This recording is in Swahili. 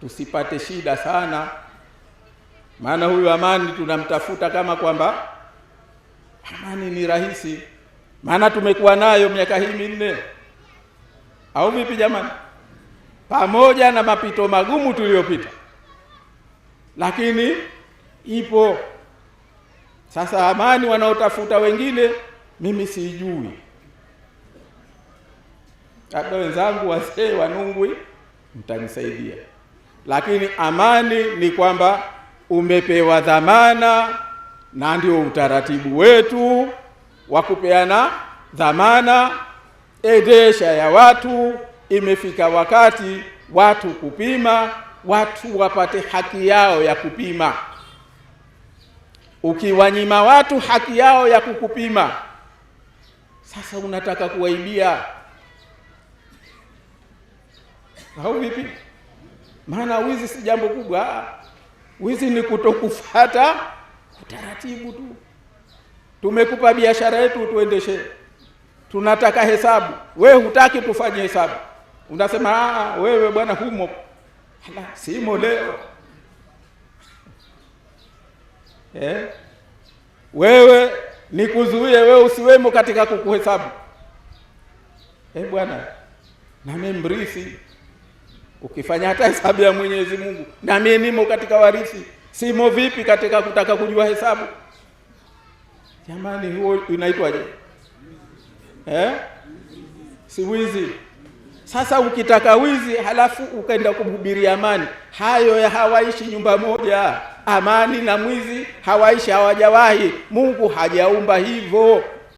tusipate shida sana, maana huyu amani tunamtafuta kama kwamba amani ni rahisi, maana tumekuwa nayo miaka hii minne au vipi jamani? Pamoja na mapito magumu tuliyopita, lakini ipo. Sasa amani wanaotafuta wengine, mimi sijui, labda wenzangu wazee Wanungwi mtanisaidia lakini amani ni kwamba umepewa dhamana, na ndio utaratibu wetu wa kupeana dhamana. Edesha ya watu, imefika wakati watu kupima, watu wapate haki yao ya kupima. Ukiwanyima watu haki yao ya kukupima, sasa unataka kuwaibia au vipi? Maana wizi si jambo kubwa, wizi ni kutokufuata utaratibu tu. Tumekupa biashara yetu tuendeshe, tunataka hesabu, we hutaki tufanye hesabu, unasema ah, wewe bwana humo Hala, simo leo eh? Wewe nikuzuie wewe usiwemo katika kukuhesabu eh, bwana nami mrithi Ukifanya hata hesabu ya Mwenyezi Mungu, na mimi nimo katika warithi, simo vipi katika kutaka kujua hesabu? Jamani, huo unaitwaje eh? Si wizi? Sasa ukitaka wizi halafu ukaenda kuhubiri amani, hayo ya hawaishi nyumba moja. Amani na mwizi hawaishi, hawajawahi. Mungu hajaumba hivyo.